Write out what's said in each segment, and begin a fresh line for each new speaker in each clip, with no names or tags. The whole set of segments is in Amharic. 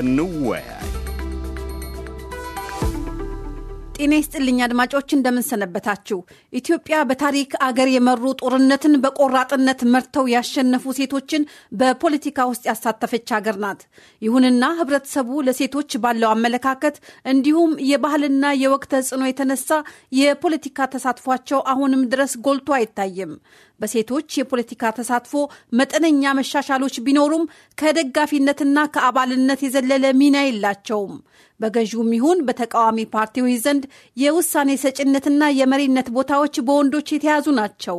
እንወያይ።
ጤና ይስጥልኝ አድማጮች፣ እንደምንሰነበታችሁ። ኢትዮጵያ በታሪክ አገር የመሩ ጦርነትን በቆራጥነት መርተው ያሸነፉ ሴቶችን በፖለቲካ ውስጥ ያሳተፈች ሀገር ናት። ይሁንና ሕብረተሰቡ ለሴቶች ባለው አመለካከት እንዲሁም የባህልና የወቅት ተጽዕኖ የተነሳ የፖለቲካ ተሳትፏቸው አሁንም ድረስ ጎልቶ አይታይም። በሴቶች የፖለቲካ ተሳትፎ መጠነኛ መሻሻሎች ቢኖሩም ከደጋፊነትና ከአባልነት የዘለለ ሚና የላቸውም። በገዢውም ይሁን በተቃዋሚ ፓርቲዎች ዘንድ የውሳኔ ሰጭነትና የመሪነት ቦታዎች በወንዶች የተያዙ ናቸው።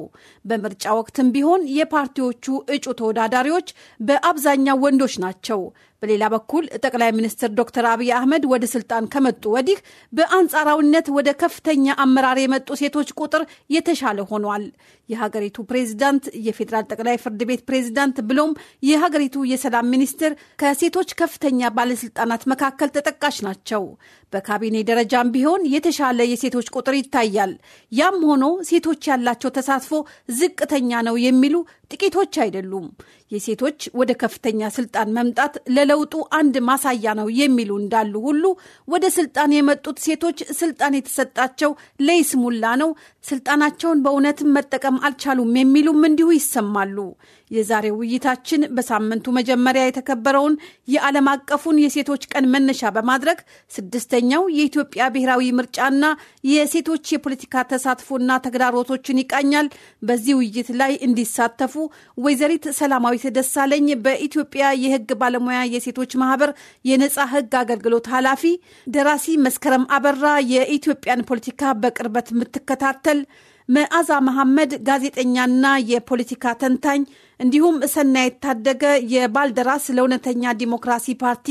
በምርጫ ወቅትም ቢሆን የፓርቲዎቹ እጩ ተወዳዳሪዎች በአብዛኛው ወንዶች ናቸው። በሌላ በኩል ጠቅላይ ሚኒስትር ዶክተር አብይ አህመድ ወደ ስልጣን ከመጡ ወዲህ በአንጻራዊነት ወደ ከፍተኛ አመራር የመጡ ሴቶች ቁጥር የተሻለ ሆኗል። የሀገሪቱ ፕሬዚዳንት፣ የፌዴራል ጠቅላይ ፍርድ ቤት ፕሬዚዳንት ብሎም የሀገሪቱ የሰላም ሚኒስትር ከሴቶች ከፍተኛ ባለስልጣናት መካከል ተጠቃሽ ናቸው። በካቢኔ ደረጃም ቢሆን የተሻለ የሴቶች ቁጥር ይታያል። ያም ሆኖ ሴቶች ያላቸው ተሳትፎ ዝቅተኛ ነው የሚሉ ጥቂቶች አይደሉም። የሴቶች ወደ ከፍተኛ ስልጣን መምጣት ለለውጡ አንድ ማሳያ ነው የሚሉ እንዳሉ ሁሉ ወደ ስልጣን የመጡት ሴቶች ስልጣን የተሰጣቸው ለይስሙላ ነው፣ ስልጣናቸውን በእውነትም መጠቀም አልቻሉም የሚሉም እንዲሁ ይሰማሉ። የዛሬ ውይይታችን በሳምንቱ መጀመሪያ የተከበረውን የዓለም አቀፉን የሴቶች ቀን መነሻ በማድረግ ስድስተኛው የኢትዮጵያ ብሔራዊ ምርጫና የሴቶች የፖለቲካ ተሳትፎና ተግዳሮቶችን ይቃኛል። በዚህ ውይይት ላይ እንዲሳተፉ ወይዘሪት ሰላማዊት ደሳለኝ በኢትዮጵያ የሕግ ባለሙያ የሴቶች ማህበር የነጻ ሕግ አገልግሎት ኃላፊ፣ ደራሲ መስከረም አበራ የኢትዮጵያን ፖለቲካ በቅርበት የምትከታተል መዓዛ መሐመድ ጋዜጠኛና የፖለቲካ ተንታኝ እንዲሁም እሰና የታደገ የባልደራስ ለእውነተኛ ዲሞክራሲ ፓርቲ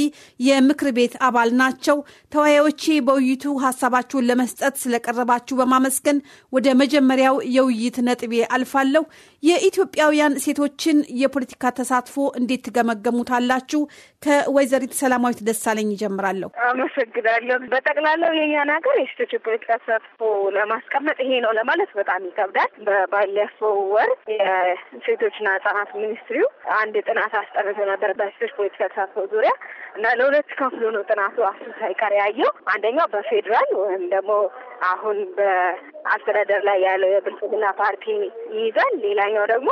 የምክር ቤት አባል ናቸው። ተወያዮቼ በውይይቱ ሀሳባችሁን ለመስጠት ስለቀረባችሁ በማመስገን ወደ መጀመሪያው የውይይት ነጥቤ አልፋለሁ። የኢትዮጵያውያን ሴቶችን የፖለቲካ ተሳትፎ እንዴት ትገመገሙታላችሁ? ከወይዘሪት ሰላማዊት ደሳለኝ ይጀምራለሁ።
አመሰግናለሁ። በጠቅላላው የኛን ሀገር የሴቶች የፖለቲካ ተሳትፎ ለማስቀመጥ ይሄ ነው ለማለት በጣም ይከብዳል። በባለፈው ወር የሴቶች ናጻ ህጻናት ሚኒስትሪው አንድ ጥናት አስጠንቶ ነበር በሴቶች ፖለቲካ ተሳትፎ ዙሪያ እና ለሁለት ከፍሎ ነው ጥናቱ አስር ሳይቀር ያየው። አንደኛው በፌዴራል ወይም ደግሞ አሁን በአስተዳደር ላይ ያለው የብልጽግና ፓርቲ ይይዛል። ሌላኛው ደግሞ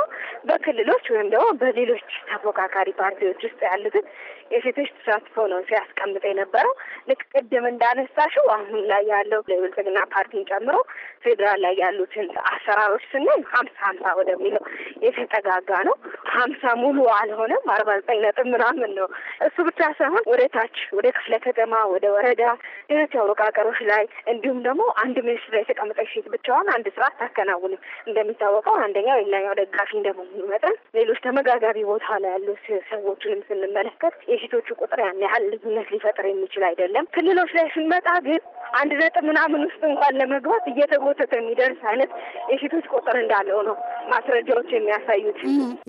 በክልሎች ወይም ደግሞ በሌሎች ተፎካካሪ ፓርቲዎች ውስጥ ያሉትን የሴቶች ተሳትፎ ነው ሲያስቀምጥ የነበረው። ልክ ቅድም እንዳነሳሽው አሁን ላይ ያለው ለብልጽግና ፓርቲን ጨምሮ ፌዴራል ላይ ያሉትን አሰራሮች ስናይ ሀምሳ ሀምሳ ወደሚለው የተጠጋጋ ነው። ሀምሳ ሙሉ አልሆነም፣ አርባ ዘጠኝ ነጥብ ምናምን ነው። እሱ ብቻ ሳይሆን ወደ ታች ወደ ክፍለ ከተማ፣ ወደ ወረዳ፣ ሌሎች አወቃቀሮች ላይ እንዲሁም ደግሞ አንድ ሚኒስትር ላይ የተቀመጠች ሴት ብቻዋን አንድ ስራ አታከናውንም። እንደሚታወቀው አንደኛው የላኛው ደጋፊ እንደመሆኑ መጠን ሌሎች ተመጋጋቢ ቦታ ላይ ያሉት ሰዎችንም ስንመለከት የሴቶቹ ቁጥር ያን ያህል ልዩነት ሊፈጥር የሚችል አይደለም። ክልሎች ላይ ስንመጣ ግን አንድ ነጥብ ምናምን ውስጥ እንኳን ለመግባት እየተጎተተ የሚደርስ አይነት የሴቶች ቁጥር እንዳለው ነው ማስረጃዎች የሚያሳዩት።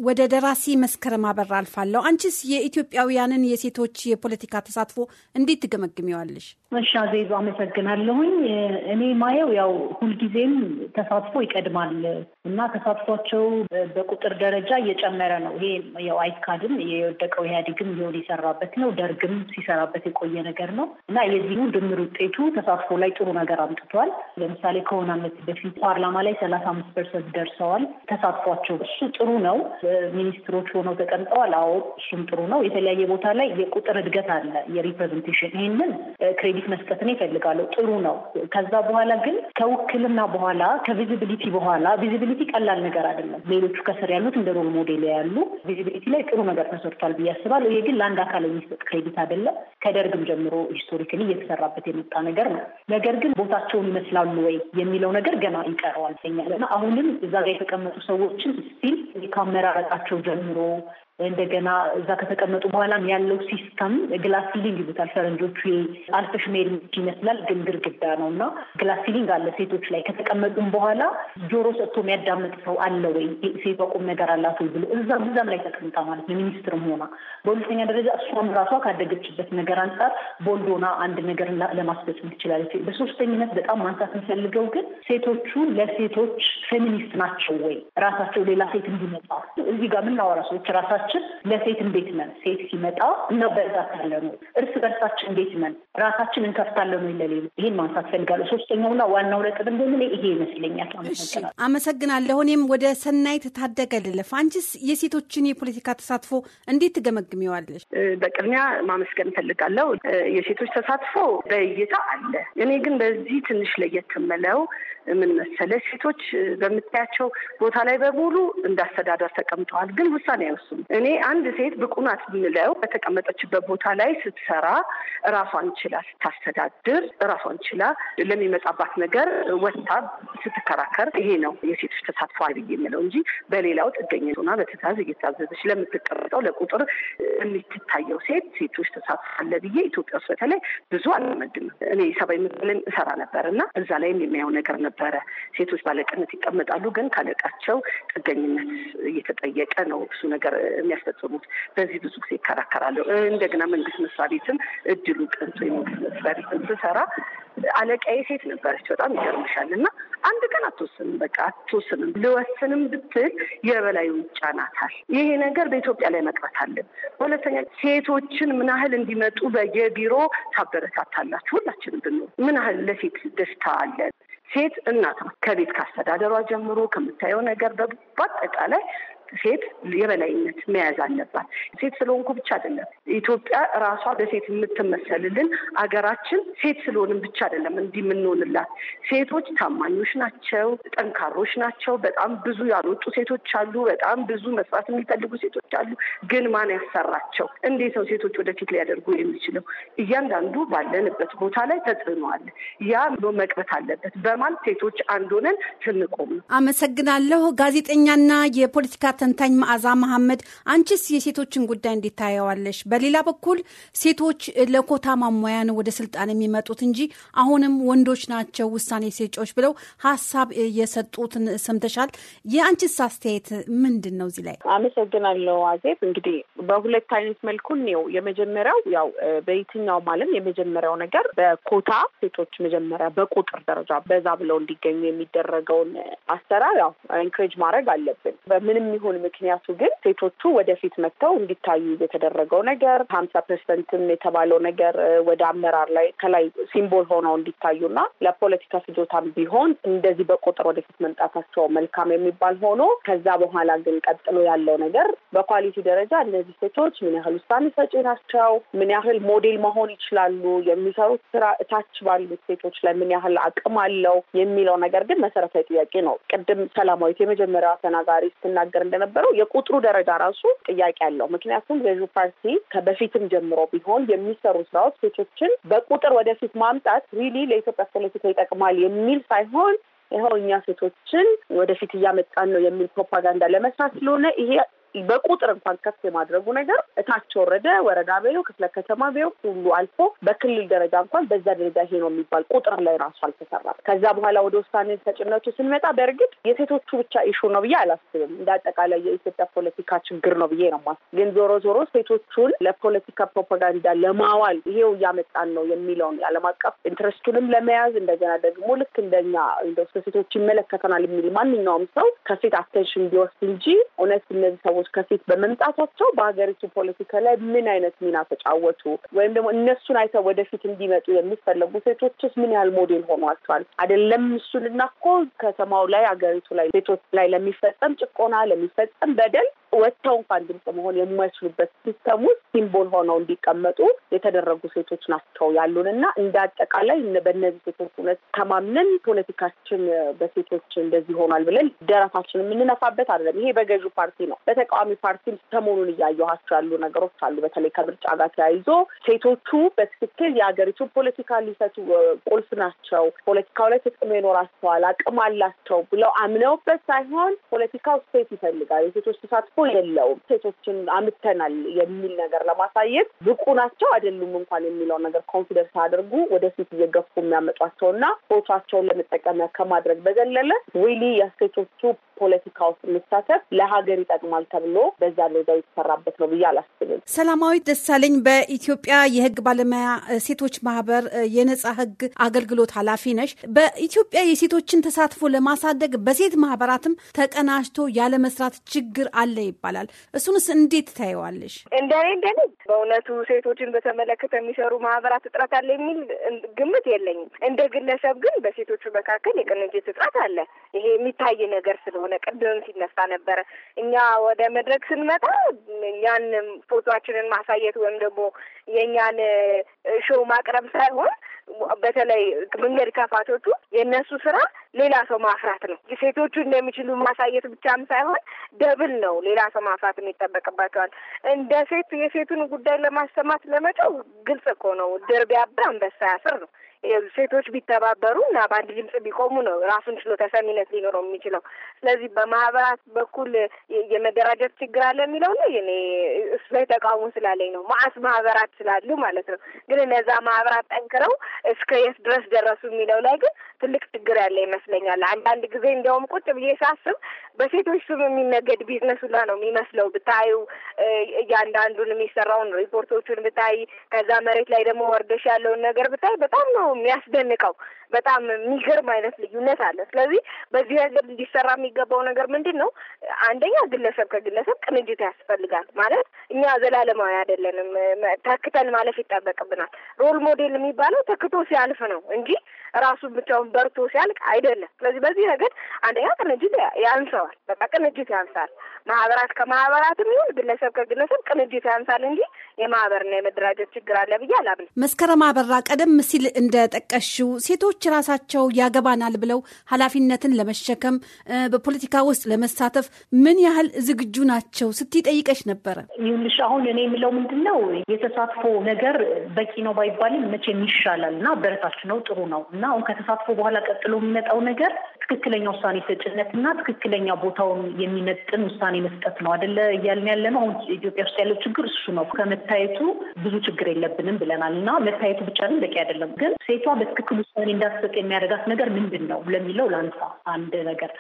ወደ ደራሲ መስከረም አበራ አልፋለሁ። አንቺስ የኢትዮጵያውያንን የሴቶች የፖለቲካ ተሳትፎ እንዴት ትገመግሚዋለሽ?
መሻ ዘይዞ አመሰግናለሁኝ። እኔ ማየው ያው ሁልጊዜም ተሳትፎ ይቀድማል እና ተሳትፏቸው በቁጥር ደረጃ እየጨመረ ነው። ይሄ ያው አይካድም፣ የወደቀው ኢህአዴግም ሊሆን የሰራበት ነው፣ ደርግም ሲሰራበት የቆየ ነገር ነው እና የዚሁ ድምር ውጤቱ ተሳትፎ ላይ ጥሩ ነገር አምጥቷል። ለምሳሌ ከሆነ አመት በፊት ፓርላማ ላይ ሰላሳ አምስት ፐርሰንት ደርሰዋል ተሳትፏቸው። እሱ ጥሩ ነው። ሚኒስትሮች ሆነው ተቀምጠዋል። አዎ እሱም ጥሩ ነው። የተለያየ ቦታ ላይ የቁጥር እድገት አለ፣ የሪፕሬዘንቴሽን ይህንን ክሬዲት መስጠትን ይፈልጋሉ። ጥሩ ነው። ከዛ በኋላ ግን ከውክልና በኋላ ከቪዚቢሊቲ በኋላ ቪዚቢሊቲ ቀላል ነገር አይደለም። ሌሎቹ ከስር ያሉት እንደ ሮል ሞዴል ያሉ ቪዚቢሊቲ ላይ ጥሩ ነገር ተሰርቷል ብዬ አስባለሁ። ይሄ ግን ለአንድ አካል የሚሰጥ ክሬዲት አይደለም። ከደርግም ጀምሮ ሂስቶሪክሊ እየተሰራበት የመጣ ነገር ነው። ነገር ግን ቦታቸውን ይመስላሉ ወይ የሚለው ነገር ገና ይቀረዋል ይገኛል አሁንም እዛ ጋር የተቀመጡ ሰዎችን ስቲል ከአመራረጣቸው ጀምሮ እንደገና እዛ ከተቀመጡ በኋላም ያለው ሲስተም ግላስ ሲሊንግ ይሉታል ፈረንጆቹ። አልፈሽ መሄድ ይመስላል ግን ግድግዳ ነው እና ግላስ ሲሊንግ አለ። ሴቶች ላይ ከተቀመጡም በኋላ ጆሮ ሰጥቶ የሚያዳምጥ ሰው አለ ወይ፣ ሴቷ ቁም ነገር አላት ወይ ብሎ እዛም እዛም ላይ ተቀምጣ ማለት ነው፣ ሚኒስትርም ሆና። በሁለተኛ ደረጃ እሷም ራሷ ካደገችበት ነገር አንጻር ቦልዶና አንድ ነገር ለማስፈጽም ትችላለች። በሶስተኝነት በጣም ማንሳት የምፈልገው ግን ሴቶቹ ለሴቶች ፌሚኒስት ናቸው ወይ ራሳቸው ሌላ ሴት እንዲመጣ እዚህ ጋር ምናወራ ሰዎች ራሳቸው ራሳችን ለሴት እንዴት ነን፣ ሴት ሲመጣ እናበረታታለን፣ እርስ በርሳችን እንዴት ነን፣ ራሳችን እንከፍታለን ወይ ለሌሎች። ይህን ማንሳት ፈልጋለሁ። ሶስተኛውና ዋናው ነጥብ እንደምን ይሄ ይመስለኛል።
አመሰግናለሁ። እኔም ወደ ሰናይት ታደገ ልለፍ። አንቺስ የሴቶችን የፖለቲካ ተሳትፎ እንዴት ትገመግሚዋለሽ?
በቅድሚያ ማመስገን እፈልጋለሁ። የሴቶች ተሳትፎ በእይታ አለ። እኔ ግን በዚህ ትንሽ ለየት የምለው ምን መሰለሽ ሴቶች በምታያቸው ቦታ ላይ በሙሉ እንዳስተዳደር ተቀምጠዋል፣ ግን ውሳኔ አይወስኑም። እኔ አንድ ሴት ብቁ ናት የምለው በተቀመጠችበት ቦታ ላይ ስትሰራ፣ እራሷን ችላ ስታስተዳድር፣ እራሷን ችላ ለሚመጣባት ነገር ወጥታ ስትከራከር፣ ይሄ ነው የሴቶች ተሳትፎ ብዬ የምለው እንጂ በሌላው ጥገኝ ሆና በትዕዛዝ እየታዘዘች ለምትቀመጠው ለቁጥር የሚትታየው ሴት ሴቶች ተሳትፎ አለ ብዬ ኢትዮጵያ ውስጥ በተለይ ብዙ አልመድም። እኔ ሰብአዊ ምስልን እሰራ ነበር እና እዛ ላይም የሚያየው ነገር ነበር ነበረ። ሴቶች ባለቅነት ይቀመጣሉ፣ ግን ካለቃቸው ጥገኝነት እየተጠየቀ ነው እሱ ነገር የሚያስፈጽሙት። በዚህ ብዙ ጊዜ ይከራከራለሁ። እንደገና መንግስት መስሪያ ቤትም እድሉ ቀንቶ የመንግስት መስሪያ ቤትም ስሰራ አለቃዬ ሴት ነበረች። በጣም ይገርምሻል። እና አንድ ቀን አትወስንም፣ በቃ አትወስንም። ልወስንም ብትል የበላዩ ይጫናታል። ይሄ ነገር በኢትዮጵያ ላይ መቅረት አለን። ሁለተኛ ሴቶችን ምን ያህል እንዲመጡ በየቢሮ ታበረታታላችሁ? ሁላችንም ብንሆን ምን ያህል ለሴት ደስታ አለን? ሴት እናት ከቤት ካስተዳደሯ ጀምሮ ከምታየው ነገር በአጠቃላይ ሴት የበላይነት መያዝ አለባት። ሴት ስለሆንኩ ብቻ አይደለም ኢትዮጵያ ራሷ በሴት የምትመሰልልን አገራችን ሴት ስለሆንም ብቻ አይደለም እንዲህ የምንሆንላት። ሴቶች ታማኞች ናቸው፣ ጠንካሮች ናቸው። በጣም ብዙ ያልወጡ ሴቶች አሉ። በጣም ብዙ መስራት የሚፈልጉ ሴቶች አሉ። ግን ማን ያሰራቸው? እንዴት ነው ሴቶች ወደፊት ሊያደርጉ የሚችለው? እያንዳንዱ ባለንበት ቦታ ላይ ተጽዕኖ አለ። ያ መቅረት አለበት። በማን ሴቶች አንድ ሆነን ስንቆም ነው።
አመሰግናለሁ። ጋዜጠኛና የፖለቲካ ተንታኝ መዓዛ መሐመድ፣ አንቺስ የሴቶችን ጉዳይ እንዲታየዋለሽ? በሌላ በኩል ሴቶች ለኮታ ማሟያ ነው ወደ ስልጣን የሚመጡት እንጂ አሁንም ወንዶች ናቸው ውሳኔ ሰጪዎች ብለው ሀሳብ የሰጡትን ሰምተሻል። የአንቺስ አስተያየት ምንድን ነው እዚህ ላይ?
አመሰግናለሁ አዜብ። እንግዲህ በሁለት አይነት መልኩ ነው። የመጀመሪያው ያው በየትኛውም ዓለም የመጀመሪያው ነገር በኮታ ሴቶች መጀመሪያ በቁጥር ደረጃ በዛ ብለው እንዲገኙ የሚደረገውን አሰራር ያው ኢንክሬጅ ማድረግ አለብን። በምንም ይሁን ምክንያቱ ግን ሴቶቹ ወደፊት መጥተው እንዲታዩ የተደረገው ነገር ሀምሳ ፐርሰንትም የተባለው ነገር ወደ አመራር ላይ ከላይ ሲምቦል ሆነው እንዲታዩና ለፖለቲካ ፍጆታም ቢሆን እንደዚህ በቁጥር ወደፊት መምጣታቸው መልካም የሚባል ሆኖ ከዛ በኋላ ግን ቀጥሎ ያለው ነገር በኳሊቲ ደረጃ እነዚህ ሴቶች ምን ያህል ውሳኔ ሰጪ ናቸው፣ ምን ያህል ሞዴል መሆን ይችላሉ፣ የሚሰሩት ስራ እታች ባሉት ሴቶች ላይ ምን ያህል አቅም አለው የሚለው ነገር ግን መሰረታዊ ጥያቄ ነው። ቅድም ሰላማዊት የመጀመሪያዋ ተናጋሪ ስትናገር እንደነበረው የቁጥሩ ደረጃ ራሱ ጥያቄ አለው። ምክንያቱም ገዢ ፓርቲ ከበፊትም ጀምሮ ቢሆን የሚሰሩ ስራዎች ሴቶችን በቁጥር ወደፊት ማምጣት ሪሊ ለኢትዮጵያ ፖለቲካ ይጠቅማል የሚል ሳይሆን ይኸው እኛ ሴቶችን ወደፊት እያመጣን ነው የሚል ፕሮፓጋንዳ ለመስራት ስለሆነ ይሄ በቁጥር እንኳን ከፍ የማድረጉ ነገር እታች ወረደ ወረዳ በየው ክፍለ ከተማ በየው ሁሉ አልፎ በክልል ደረጃ እንኳን በዛ ደረጃ ይሄ ነው የሚባል ቁጥር ላይ ራሱ አልተሰራም። ከዛ በኋላ ወደ ውሳኔ ሰጭነቱ ስንመጣ በእርግጥ የሴቶቹ ብቻ ኢሹ ነው ብዬ አላስብም። እንደ አጠቃላይ የኢትዮጵያ ፖለቲካ ችግር ነው ብዬ ነው ግን ዞሮ ዞሮ ሴቶቹን ለፖለቲካ ፕሮፓጋንዳ ለማዋል ይሄው እያመጣን ነው የሚለውን የዓለም አቀፍ ኢንትረስቱንም ለመያዝ እንደገና ደግሞ ልክ እንደኛ ሴቶች ይመለከተናል የሚል ማንኛውም ሰው ከሴት አቴንሽን ቢወስድ እንጂ እውነት እነዚህ ሰዎች ሀሳቦች ከፊት በመምጣታቸው በሀገሪቱ ፖለቲካ ላይ ምን አይነት ሚና ተጫወቱ ወይም ደግሞ እነሱን አይተው ወደፊት እንዲመጡ የሚፈለጉ ሴቶችስ ምን ያህል ሞዴል ሆኗቸዋል? አይደለም እሱንና እኮ ከተማው ላይ ሀገሪቱ ላይ ሴቶች ላይ ለሚፈጸም ጭቆና፣ ለሚፈጸም በደል ወጥተው እንኳን ድምጽ መሆን የማይችሉበት ሲስተም ውስጥ ሲምቦል ሆነው እንዲቀመጡ የተደረጉ ሴቶች ናቸው ያሉን እና እንደ አጠቃላይ በእነዚህ ሴቶች እውነት ተማምነን ፖለቲካችን በሴቶች እንደዚህ ሆኗል ብለን ደረታችን የምንነፋበት አይደለም። ይሄ በገዢ ፓርቲ ነው። በተቃዋሚ ፓርቲ ሰሞኑን እያየኋቸው ያሉ ነገሮች አሉ። በተለይ ከምርጫ ጋር ተያይዞ ሴቶቹ በትክክል የሀገሪቱ ፖለቲካ ሊሰቱ ቁልፍ ናቸው፣ ፖለቲካው ላይ ተጽዕኖ ይኖራቸዋል፣ አቅም አላቸው ብለው አምነውበት ሳይሆን ፖለቲካው ሴት ይፈልጋል፣ የሴቶች ተሳትፎ የለውም። ሴቶችን አምተናል የሚል ነገር ለማሳየት ብቁ ናቸው አይደሉም እንኳን የሚለው ነገር ኮንፊደንስ አድርጉ ወደፊት እየገፉ የሚያመጧቸውና ቦታቸውን ለመጠቀሚያ ከማድረግ በዘለለ ዊሊ የሴቶቹ ፖለቲካ ውስጥ መሳተፍ ለሀገር ይጠቅማል ተብሎ በዛ ደረጃ የተሰራበት ነው ብዬ አላስብም። ሰላማዊት
ደሳለኝ በኢትዮጵያ የህግ ባለሙያ ሴቶች ማህበር የነጻ ህግ አገልግሎት ኃላፊ ነሽ። በኢትዮጵያ የሴቶችን ተሳትፎ ለማሳደግ በሴት ማህበራትም ተቀናጅቶ ያለመስራት ችግር አለ ይባላል። እሱንስ እንዴት ታየዋለሽ?
እንደኔ እንደኔ በእውነቱ ሴቶችን በተመለከተ የሚሰሩ ማህበራት እጥረት አለ የሚል ግምት የለኝም። እንደ ግለሰብ ግን በሴቶቹ መካከል የቅንጅት እጥረት አለ። ይሄ የሚታይ ነገር ስለሆነ ቅድም ሲነሳ ነበረ። እኛ ወደ መድረክ ስንመጣ እኛን ፎቶችንን ማሳየት ወይም ደግሞ የእኛን ሾው ማቅረብ ሳይሆን በተለይ መንገድ ከፋቶቹ የእነሱ ስራ ሌላ ሰው ማፍራት ነው። ሴቶቹ እንደሚችሉ ማሳየት ብቻም ሳይሆን ደብል ነው ሌላ ሰው ማፍራት የሚጠበቅባቸዋል። እንደ ሴት የሴቱን ጉዳይ ለማሰማት ለመጫው ግልጽ እኮ ነው። ድር ቢያብር አንበሳ ያስር ነው። ሴቶች ቢተባበሩ እና በአንድ ድምጽ ቢቆሙ ነው ራሱን ችሎ ተሰሚነት ሊኖረው የሚችለው። ስለዚህ በማህበራት በኩል የመደራጀት ችግር አለ የሚለው ነው እኔ እሱ ላይ ተቃውሞ ስላለኝ ነው። ማዕት ማህበራት ስላሉ ማለት ነው። ግን እነዛ ማህበራት ጠንክረው እስከ የት ድረስ ደረሱ የሚለው ላይ ግን ትልቅ ችግር ያለ ይመስለኛል። አንዳንድ ጊዜ እንዲያውም ቁጭ ብዬ ሳስብ በሴቶች ስም የሚነገድ ቢዝነስ ሁላ ነው የሚመስለው ብታዩ፣ እያንዳንዱን የሚሰራውን ሪፖርቶቹን ብታይ፣ ከዛ መሬት ላይ ደግሞ ወርደሽ ያለውን ነገር ብታይ በጣም ነው የሚያስደንቀው በጣም የሚገርም አይነት ልዩነት አለ። ስለዚህ በዚህ ረገድ እንዲሰራ የሚገባው ነገር ምንድን ነው? አንደኛ ግለሰብ ከግለሰብ ቅንጅት ያስፈልጋል። ማለት እኛ ዘላለማዊ አይደለንም። ተክተን ማለፍ ይጠበቅብናል። ሮል ሞዴል የሚባለው ተክቶ ሲያልፍ ነው እንጂ ራሱን ብቻውን በርቶ ሲያልቅ አይደለም። ስለዚህ በዚህ ረገድ አንደኛ ቅንጅት ያንሰዋል። በቃ ቅንጅት ያንሳል። ማህበራት ከማህበራትም ይሁን ግለሰብ ከግለሰብ ቅንጅት ያንሳል እንጂ የማህበርና የመደራጀት ችግር አለ ብዬ አላምንም።
መስከረም አበራ፣ ቀደም ሲል እንደጠቀሽው ሴቶች ሰዎች ራሳቸው ያገባናል ብለው ኃላፊነትን ለመሸከም በፖለቲካ ውስጥ ለመሳተፍ ምን ያህል ዝግጁ ናቸው ስትጠይቀሽ ነበረ።
ይኸውልሽ አሁን እኔ የምለው ምንድን ነው የተሳትፎ ነገር በቂ ነው ባይባልም መቼም ይሻላል እና በረታች ነው ጥሩ ነው እና አሁን ከተሳትፎ በኋላ ቀጥሎ የሚመጣው ነገር ትክክለኛ ውሳኔ ሰጭነትና ትክክለኛ ቦታውን የሚመጥን ውሳኔ መስጠት ነው አደለ እያልን ያለ ነው። አሁን ኢትዮጵያ ውስጥ ያለው ችግር እሱ ነው። ከመታየቱ ብዙ ችግር የለብንም ብለናል እና መታየቱ ብቻ ግን በቂ አይደለም። ግን ሴቷ በትክክል ውሳኔ እንዳትሰጥ የሚያደርጋት ነገር ምንድን ነው ለሚለው ላንሳ አንድ ነገር።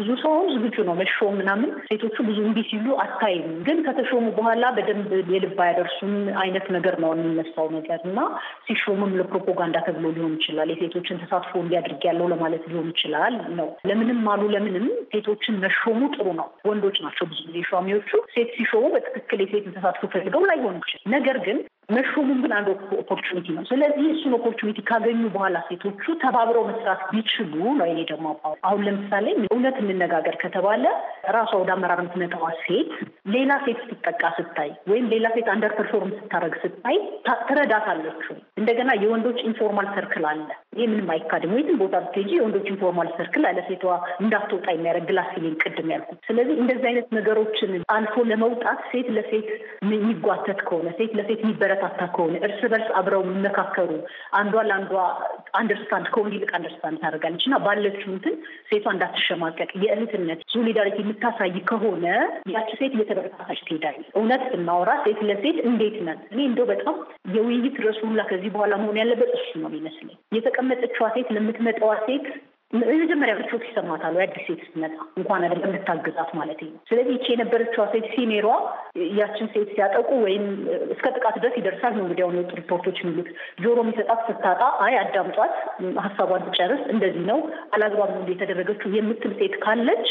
ብዙ ሰውን ዝግጁ ነው መሾም ምናምን፣ ሴቶቹ ብዙ እምቢ ሲሉ አታይም። ግን ከተሾሙ በኋላ በደንብ የልብ አያደርሱም አይነት ነገር ነው የሚነሳው ነገር እና ሲሾምም ለፕሮፓጋንዳ ተብሎ ሊሆን ይችላል። የሴቶችን ተሳትፎ እንዲያድርግ ያለው ለማለት ሊሆን ይችላል ነው። ለምንም አሉ ለምንም ሴቶችን መሾሙ ጥሩ ነው። ወንዶች ናቸው ብዙ ጊዜ ሿሚዎቹ። ሴት ሲሾሙ በትክክል የሴት ተሳትፎ ፈልገው ላይሆኑ ይችላል። ነገር ግን መሾሙም ግን አንድ ኦፖርቹኒቲ ነው። ስለዚህ እሱን ኦፖርቹኒቲ ካገኙ በኋላ ሴቶቹ ተባብረው መስራት ቢችሉ ነው። እኔ ደግሞ አሁን ለምሳሌ እውነት እንነጋገር ከተባለ ራሷ ወደ አመራር የምትመጣዋ ሴት ሌላ ሴት ስትጠቃ ስታይ፣ ወይም ሌላ ሴት አንደር ፐርፎርም ስታደረግ ስታይ ትረዳታለች። እንደገና የወንዶች ኢንፎርማል ሰርክል አለ። ይህ ምንም አይካድም። የትም ቦታ ብትሄጂ የወንዶች ኢንፎርማል ሰርክል አለ። ሴቷ እንዳትወጣ የሚያደርግ ግላስ ሲሊንግ ቅድም ያልኩት። ስለዚህ እንደዚህ አይነት ነገሮችን አልፎ ለመውጣት ሴት ለሴት የሚጓተት ከሆነ ሴት ለሴት የሚበረ የሚበረታታ ከሆነ እርስ በርስ አብረው የሚመካከሩ አንዷ ለአንዷ አንደርስታንድ ከወንድ ይልቅ አንደርስታንድ ታደርጋለች እና ባለችው እንትን ሴቷ እንዳትሸማቀቅ የእህትነት ሶሊዳሪቲ የምታሳይ ከሆነ ያቺ ሴት እየተበረታታች ትሄዳለች። እውነት ስናወራ ሴት ለሴት እንዴት ነን? እኔ እንደው በጣም የውይይት ርዕሱ ሁላ ከዚህ በኋላ መሆን ያለበት እሱ ነው ይመስለኝ። የተቀመጠችዋ ሴት ለምትመጣዋ ሴት የመጀመሪያ ብቾት ይሰማታል። አዲስ ሴት ስትመጣ እንኳን አደለ የምታግዛት ማለት ነው። ስለዚህ ይቺ የነበረችዋ ሴት ሲኔሯ ያችን ሴት ሲያጠቁ ወይም እስከ ጥቃት ድረስ ይደርሳል ነው እንግዲህ አሁን የወጡ ሪፖርቶች የሚሉት ጆሮ የሚሰጣት ስታጣ፣ አይ አዳምጧት፣ ሀሳቧን ትጨርስ፣ እንደዚህ ነው አላግባብ ነው የተደረገችው የምትል ሴት ካለች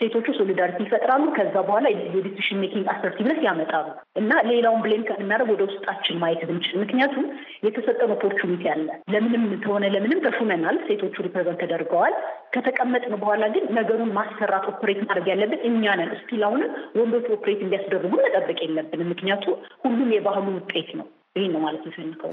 ሴቶቹ ሶሊዳሪቲ ይፈጥራሉ። ከዛ በኋላ የዲሲሽን ሜኪንግ አሰርቲቭነስ ያመጣሉ እና ሌላውን ብሌም ከምናደርግ ወደ ውስጣችን ማየት ብንችል፣ ምክንያቱም የተሰጠን ኦፖርቹኒቲ አለ። ለምንም ተሆነ ለምንም ተሹመናል። ሴቶቹ ሪፕሬዘንት ተደርገዋል። ከተቀመጥን በኋላ ግን ነገሩን ማሰራት ኦፕሬት ማድረግ ያለብን እኛ ነን። እስቲል አሁንም ወንዶች ኦፕሬት እንዲያስደርጉ መጠበቅ የለብንም። ምክንያቱ ሁሉም የባህሉ ውጤት ነው። ይህን ነው ማለት የፈንከው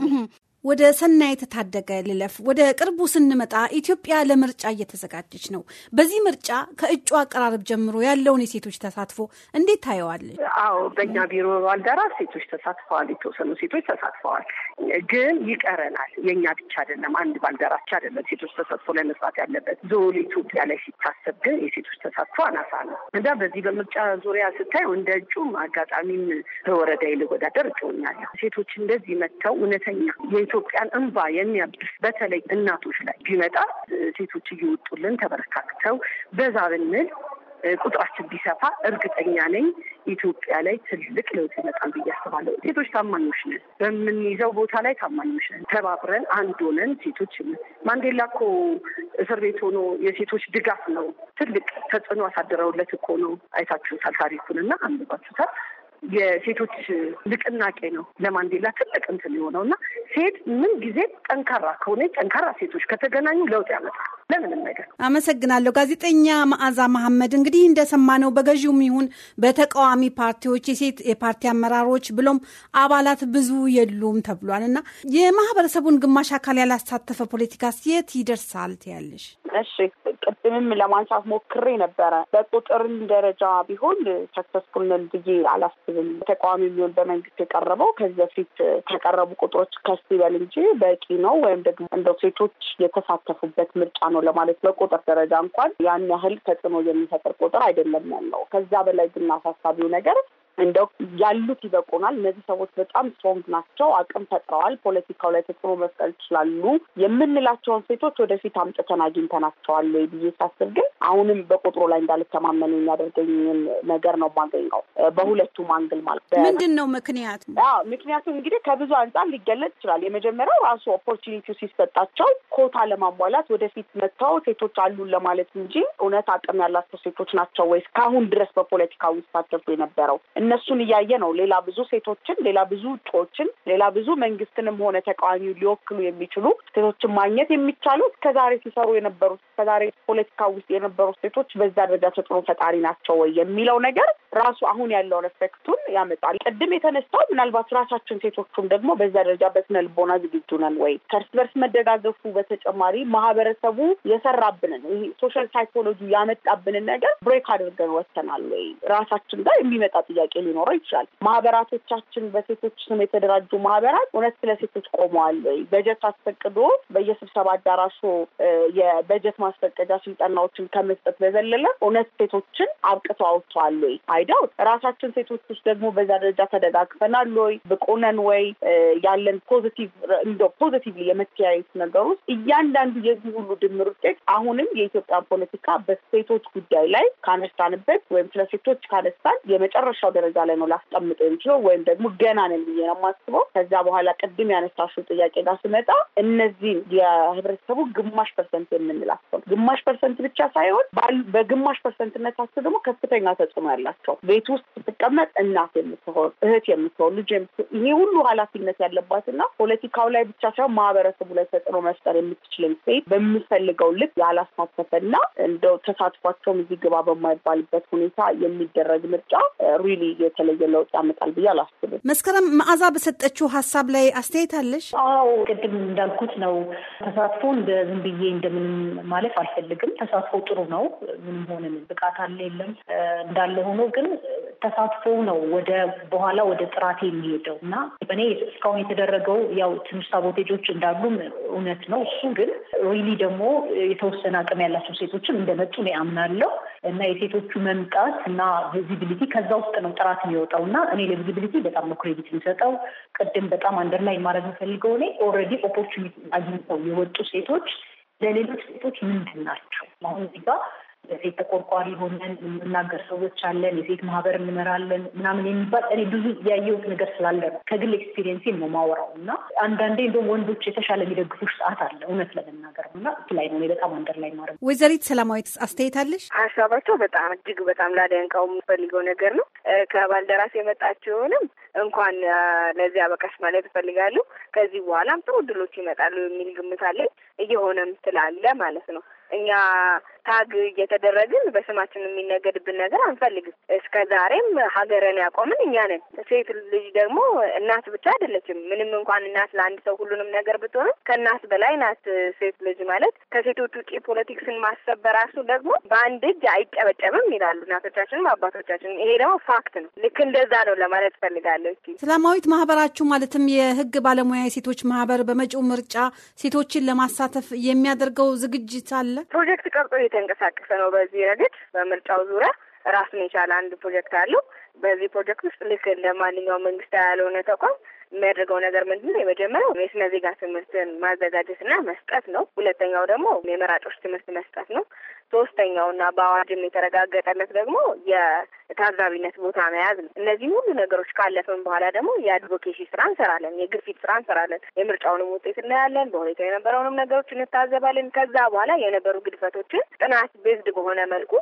ወደ ሰናይ ተታደገ ልለፍ። ወደ ቅርቡ ስንመጣ ኢትዮጵያ ለምርጫ እየተዘጋጀች ነው። በዚህ ምርጫ ከእጩ አቀራረብ ጀምሮ ያለውን የሴቶች ተሳትፎ እንዴት ታየዋለች?
አዎ፣ በእኛ ቢሮ አዳራሽ ሴቶች ተሳትፈዋል። የተወሰኑ ሴቶች ተሳትፈዋል፣ ግን ይቀረናል። የእኛ ብቻ አይደለም፣ አንድ ባልደራቻ አይደለም ሴቶች ተሳትፎ ላይ መስራት ያለበት። ዞን ኢትዮጵያ ላይ ሲታሰብ ግን የሴቶች ተሳትፎ አናሳ ነው እና በዚህ በምርጫ ዙሪያ ስታይ እንደ እጩም አጋጣሚም በወረዳ ልወዳደር እጩኛለሁ። ሴቶች እንደዚህ መጥተው እውነተኛ የኢትዮጵያን እንባ የሚያብስ በተለይ እናቶች ላይ ቢመጣ ሴቶች እየወጡልን ተበረካክተው በዛ ብንል ቁጥራችን ቢሰፋ እርግጠኛ ነኝ ኢትዮጵያ ላይ ትልቅ ለውጥ ይመጣል ብዬ አስባለሁ። ሴቶች ታማኞች ነን፣ በምንይዘው ቦታ ላይ ታማኞች ነን። ተባብረን አንድ ሆነን ሴቶች ማንዴላ እኮ እስር ቤት ሆኖ የሴቶች ድጋፍ ነው ትልቅ ተጽዕኖ አሳድረውለት እኮ ነው። አይታችሁታል፣ ታሪኩንና አንባችሁታል። የሴቶች ንቅናቄ ነው ለማንዴላ ትልቅ እንትን የሆነው እና ሴት ምን ጊዜ ጠንካራ ከሆነ ጠንካራ ሴቶች ከተገናኙ ለውጥ ያመጣል። ለምንም ነገር
አመሰግናለሁ። ጋዜጠኛ መዓዛ መሐመድ እንግዲህ እንደሰማነው በገዢውም ይሁን በተቃዋሚ ፓርቲዎች የሴት የፓርቲ አመራሮች ብሎም አባላት ብዙ የሉም ተብሏል እና የማህበረሰቡን ግማሽ አካል ያላሳተፈ ፖለቲካ የት ይደርሳል ትያለሽ?
እሺ ቅድምም ለማንሳት ሞክሬ ነበረ። በቁጥርን ደረጃ ቢሆን ሰክሰስፉልን ብዬ አላስብም። ተቃዋሚ የሚሆን በመንግስት የቀረበው ከዚህ በፊት ከቀረቡ ቁጥሮች ከስ ይበል እንጂ በቂ ነው ወይም ደግሞ እንደ ሴቶች የተሳተፉበት ምርጫ ነው ለማለት በቁጥር ደረጃ እንኳን ያን ያህል ተጽዕኖ የሚፈጥር ቁጥር አይደለም ያለው። ከዛ በላይ ግን አሳሳቢው ነገር እንደው ያሉት ይበቁናል። እነዚህ ሰዎች በጣም ስትሮንግ ናቸው፣ አቅም ፈጥረዋል፣ ፖለቲካው ላይ ተጽዕኖ መፍጠር ይችላሉ የምንላቸውን ሴቶች ወደፊት አምጥተን አግኝተናቸዋል ብዬ ሳስብ ግን አሁንም በቁጥሩ ላይ እንዳልተማመን የሚያደርገኝን ነገር ነው የማገኘው በሁለቱም አንግል ማለት ምንድን ነው ምክንያቱ? ምክንያቱ እንግዲህ ከብዙ አንጻር ሊገለጽ ይችላል። የመጀመሪያው ራሱ ኦፖርቹኒቲው ሲሰጣቸው ኮታ ለማሟላት ወደፊት መጥተው ሴቶች አሉን ለማለት እንጂ እውነት አቅም ያላቸው ሴቶች ናቸው ወይ እስካሁን ድረስ በፖለቲካ ውስጥ ሳተፉ የነበረው እነሱን እያየ ነው ሌላ ብዙ ሴቶችን፣ ሌላ ብዙ እጩዎችን፣ ሌላ ብዙ መንግስትንም ሆነ ተቃዋሚ ሊወክሉ የሚችሉ ሴቶችን ማግኘት የሚቻሉ እስከዛሬ ሲሰሩ የነበሩት እስከዛሬ ፖለቲካ ውስጥ የነበሩት ሴቶች በዛ ደረጃ ተጽዕኖ ፈጣሪ ናቸው ወይ የሚለው ነገር ራሱ አሁን ያለውን ኤፌክቱን ያመጣል። ቅድም የተነሳው ምናልባት ራሳችን ሴቶቹም ደግሞ በዛ ደረጃ በስነ ልቦና ዝግጁ ነን ወይ ከእርስ በርስ መደጋገፉ በተጨማሪ ማህበረሰቡ የሰራብንን ይሄ ሶሻል ሳይኮሎጂ ያመጣብንን ነገር ብሬክ አድርገን ወጥተናል ወይ ራሳችን ጋር የሚመጣ ጥያቄ ሊኖረው ይችላል። ማህበራቶቻችን በሴቶች ስም የተደራጁ ማህበራት እውነት ስለ ሴቶች ቆመዋል ወይ? በጀት አስፈቅዶ በየስብሰባ አዳራሹ የበጀት ማስፈቀጃ ስልጠናዎችን ከመስጠት በዘለለ እውነት ሴቶችን አብቅቶ አውጥተዋል ወይ? አይደው ራሳችን ሴቶች ውስጥ ደግሞ በዛ ደረጃ ተደጋግፈናል ወይ? ብቁነን ወይ? ያለን ፖዚቲቭ እንደ ፖዚቲቭ የመተያየት ነገር ውስጥ እያንዳንዱ የዚህ ሁሉ ድምር ውጤት አሁንም የኢትዮጵያን ፖለቲካ በሴቶች ጉዳይ ላይ ካነሳንበት ወይም ስለ ሴቶች ካነሳን የመጨረሻው ደረጃ ላይ ነው ላስቀምጠ የምችለው ወይም ደግሞ ገና ነን ብዬ ነው የማስበው። ከዛ በኋላ ቅድም ያነሳሽው ጥያቄ ጋር ስመጣ እነዚህን የህብረተሰቡ ግማሽ ፐርሰንት የምንላቸው ግማሽ ፐርሰንት ብቻ ሳይሆን በግማሽ ፐርሰንትነታቸው ደግሞ ከፍተኛ ተጽዕኖ ያላቸው ቤት ውስጥ ስትቀመጥ እናት የምትሆን እህት የምትሆን ልጅ የምትሆን ይሄ ሁሉ ኃላፊነት ያለባትና ፖለቲካው ላይ ብቻ ሳይሆን ማህበረሰቡ ላይ ተጽዕኖ መፍጠር የምትችልን ሴት በምፈልገው ልክ ያላሳተፈና እንደው ተሳትፏቸውም እዚህ ግባ በማይባልበት ሁኔታ የሚደረግ ምርጫ ሪሊ የተለየ ለውጥ ያመጣል ብዬ አላስብም።
መስከረም መዓዛ
በሰጠችው ሀሳብ ላይ አስተያየት አለሽ? አዎ ቅድም እንዳልኩት ነው። ተሳትፎ በዝም ብዬ እንደምንም ማለፍ አልፈልግም። ተሳትፎ ጥሩ ነው። ምንም ሆነን ብቃት አለ የለም እንዳለ ሆኖ ግን ተሳትፎ ነው ወደ በኋላ ወደ ጥራት የሚሄደው እና እኔ እስካሁን የተደረገው ያው ትንሽ ሳቦቴጆች እንዳሉም እውነት ነው። እሱ ግን ሪሊ ደግሞ የተወሰነ አቅም ያላቸው ሴቶችም እንደመጡ ነው ያምናለው። እና የሴቶቹ መምጣት እና ቪዚቢሊቲ ከዛ ውስጥ ነው ጥራት የሚወጣው እና እኔ ለቪዚቢሊቲ በጣም ነው ክሬዲት የሚሰጠው። ቅድም በጣም አንደርላይን ማድረግ የምፈልገው እኔ ኦልሬዲ ኦፖርቹኒቲ አግኝተው የወጡ ሴቶች ለሌሎች ሴቶች ምንድን ናቸው አሁን እዚህ ጋር ሴት ተቆርቋሪ ሆነን የምናገር ሰዎች አለን፣ የሴት ማህበር እንመራለን ምናምን የሚባል እኔ ብዙ ያየሁት ነገር ስላለ ነው። ከግል ኤክስፒሪየንስ ነው ማወራው እና አንዳንዴ እንደውም ወንዶች የተሻለ የሚደግፉሽ ሰዓት አለ እውነት ለመናገር እና ላይ ነው በጣም አንደር ላይ ማድረግ።
ወይዘሪት ሰላማዊት አስተያየታለሽ ሀሳባቸው በጣም እጅግ በጣም ላደንቀው የምፈልገው ነገር ነው። ከባልደራስ የመጣችውንም እንኳን ለዚያ በቃሽ ማለት ይፈልጋሉ። ከዚህ በኋላም ጥሩ ድሎች ይመጣሉ የሚል ግምት አለ። እየሆነም ስላለ ማለት ነው። እኛ ታግ እየተደረግን በስማችን የሚነገድብን ነገር አንፈልግም። እስከ ዛሬም ሀገርን ያቆምን እኛ ነን። ሴት ልጅ ደግሞ እናት ብቻ አይደለችም። ምንም እንኳን እናት ለአንድ ሰው ሁሉንም ነገር ብትሆንም ከእናት በላይ ናት ሴት ልጅ ማለት። ከሴቶች ውጭ ፖለቲክስን ማሰብ በራሱ ደግሞ በአንድ እጅ አይጨበጨብም ይላሉ እናቶቻችንም አባቶቻችንም። ይሄ ደግሞ ፋክት ነው። ልክ እንደዛ ነው ለማለት ፈልጋለሁ።
ሰላማዊት ማህበራችሁ ማለትም የህግ ባለሙያ የሴቶች ማህበር በመጪው ምርጫ ሴቶችን ለማሳተፍ የሚያደርገው ዝግጅት አለ።
ፕሮጀክት ቀርጾ እየተንቀሳቀሰ ነው። በዚህ ረገድ በምርጫው ዙሪያ ራሱን የቻለ አንድ ፕሮጀክት አለው። በዚህ ፕሮጀክት ውስጥ ልክ እንደ ማንኛውም መንግስት ያልሆነ ተቋም የሚያደርገው ነገር ምንድን ነው? የመጀመሪያው የስነ ዜጋ ትምህርትን ማዘጋጀትና መስጠት ነው። ሁለተኛው ደግሞ የመራጮች ትምህርት መስጠት ነው። እና በአዋጅም የተረጋገጠለት ደግሞ የታዛቢነት ቦታ መያዝ ነው። እነዚህ ሁሉ ነገሮች ካለፈን በኋላ ደግሞ የአድቮኬሲ ስራ እንሰራለን፣ የግፊት ስራ እንሰራለን። የምርጫውንም ውጤት እናያለን፣ በሁኔታው የነበረውንም ነገሮች እንታዘባለን። ከዛ በኋላ የነበሩ ግድፈቶችን ጥናት ቤዝድ በሆነ መልኩ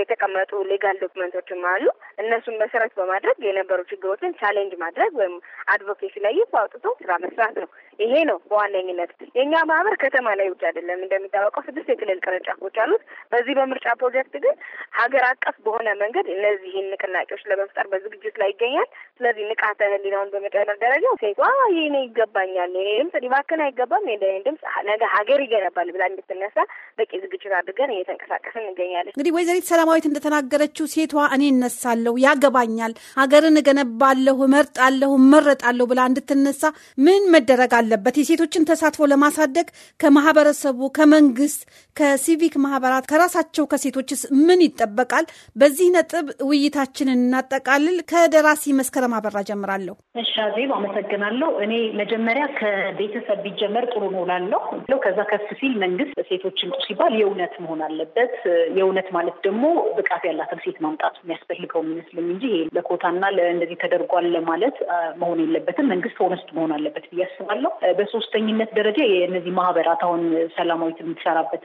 የተቀመጡ ሌጋል ዶክመንቶችም አሉ። እነሱን መሰረት በማድረግ የነበሩ ችግሮችን ቻሌንጅ ማድረግ ወይም አድቮኬሲ ላይ ይፋ አውጥቶ ስራ መስራት ነው። ይሄ ነው በዋነኝነት የእኛ ማህበር ከተማ ላይ ብቻ አይደለም። እንደሚታወቀው ስድስት የክልል ቅርንጫፎች አሉት። በዚህ በምርጫ ፕሮጀክት ግን ሀገር አቀፍ በሆነ መንገድ እነዚህን ንቅናቄዎች ለመፍጠር በዝግጅት ላይ ይገኛል። ስለዚህ ንቃተ ህሊናውን በመጨመር ደረጃ ሴቷ ይህኔ ይገባኛል፣ ይሄ ድምጽ ሊባክን አይገባም፣ ይሄ ድምጽ ነገ ሀገር ይገነባል ብላ እንድትነሳ በቂ ዝግጅት አድርገን እየተንቀሳቀስን እንገኛለን።
እንግዲህ ወይዘሪት ሰላማዊት እንደተናገረችው ሴቷ እኔ እነሳለሁ፣ ያገባኛል፣ ሀገርን እገነባለሁ፣ እመርጣለሁ፣ እመረጣለሁ ብላ እንድትነሳ ምን መደረግ አለበት። የሴቶችን ተሳትፎ ለማሳደግ ከማህበረሰቡ፣ ከመንግስት፣ ከሲቪክ ማህበራት፣ ከራሳቸው ከሴቶችስ ምን ይጠበቃል? በዚህ ነጥብ ውይይታችንን እናጠቃልል። ከደራሲ መስከረም አበራ ጀምራለሁ።
ሻዜ
አመሰግናለሁ። እኔ መጀመሪያ ከቤተሰብ ቢጀመር ጥሩ ነው ላለው ከዛ ከፍ ሲል መንግስት ሴቶችን ሲባል የእውነት መሆን አለበት። የእውነት ማለት ደግሞ ብቃት ያላትን ሴት ማምጣት የሚያስፈልገው የሚመስለኝ እንጂ ለኮታና ለእንደዚህ ተደርጓል ለማለት መሆን የለበትም። መንግስት ሆነስት መሆን አለበት ብዬ አስባለሁ። በሶስተኝነት ደረጃ የእነዚህ ማህበራት አሁን ሰላማዊት የምትሰራበት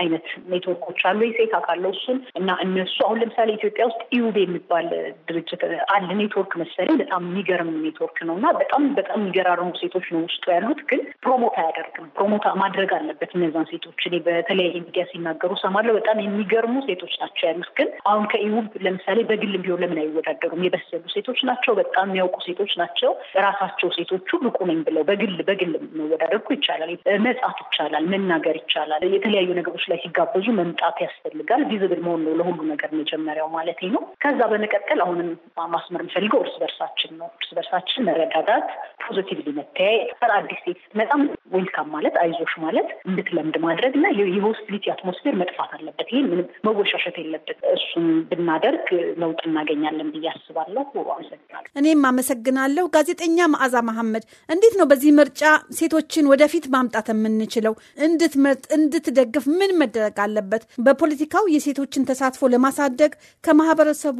አይነት ኔትወርኮች አሉ። የሴት አካለው እሱን እና እነሱ አሁን ለምሳሌ ኢትዮጵያ ውስጥ ኢዩቤ የሚባል ድርጅት አለ ኔትወርክ መሰለኝ። በጣም የሚገርም ኔትወርክ ነው እና በጣም በጣም የሚገራርሙ ሴቶች ነው ውስጡ ያሉት፣ ግን ፕሮሞት አያደርግም። ፕሮሞት ማድረግ አለበት እነዛን ሴቶች። እኔ በተለያየ ሚዲያ ሲናገሩ ሰማለሁ። በጣም የሚገርሙ ሴቶች ናቸው ያሉት። ግን አሁን ከኢዩብ ለምሳሌ በግልም ቢሆን ለምን አይወዳደሩም? የበሰሉ ሴቶች ናቸው። በጣም የሚያውቁ ሴቶች ናቸው። ራሳቸው ሴቶቹ ብቁ ነኝ ብለው በግል በግል በግል መወዳደርኩ ይቻላል፣ መጻፍ ይቻላል፣ መናገር ይቻላል። የተለያዩ ነገሮች ላይ ሲጋበዙ መምጣት ያስፈልጋል። ቪዝብል መሆን ነው ለሁሉ ነገር መጀመሪያው ማለት ነው። ከዛ በመቀጠል አሁንም ማስመር የምፈልገው እርስ በርሳችን ነው። እርስ በርሳችን መረዳዳት፣ ፖዚቲቭሊ መተያየት፣ ፈር አዲስ ሴት በጣም ዌልካም ማለት አይዞሽ ማለት እንድትለምድ ማድረግ እና የሆስፒታሊቲ አትሞስፌር መጥፋት አለበት። ይሄ ምንም መወሻሸት የለበት። እሱን ብናደርግ ለውጥ እናገኛለን ብዬ አስባለሁ። አመሰግናለሁ።
እኔም አመሰግናለሁ። ጋዜጠኛ መዓዛ መሐመድ እንዴት ነው በዚህ ምርጫ ሴቶችን ወደፊት ማምጣት የምንችለው? እንድትመርጥ እንድትደግፍ ምን መደረግ አለበት? በፖለቲካው የሴቶችን ተሳትፎ ለማሳደግ ከማህበረሰቡ፣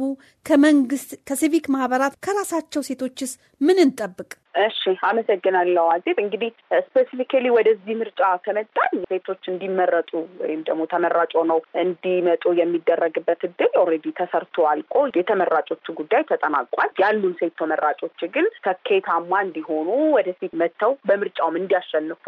ከመንግስት፣ ከሲቪክ ማህበራት፣ ከራሳቸው ሴቶችስ ምን እንጠብቅ?
እሺ አመሰግናለሁ አዜብ። እንግዲህ ስፔሲፊካሊ ወደዚህ ምርጫ ከመጣን ሴቶች እንዲመረጡ ወይም ደግሞ ተመራጭ ሆነው እንዲመጡ የሚደረግበት እድል ኦልሬዲ ተሰርቶ አልቆ የተመራጮቹ ጉዳይ ተጠናቋል። ያሉን ሴት ተመራጮች ግን ስኬታማ እንዲሆኑ ወደፊት መጥተው በምርጫውም እንዲያሸንፉ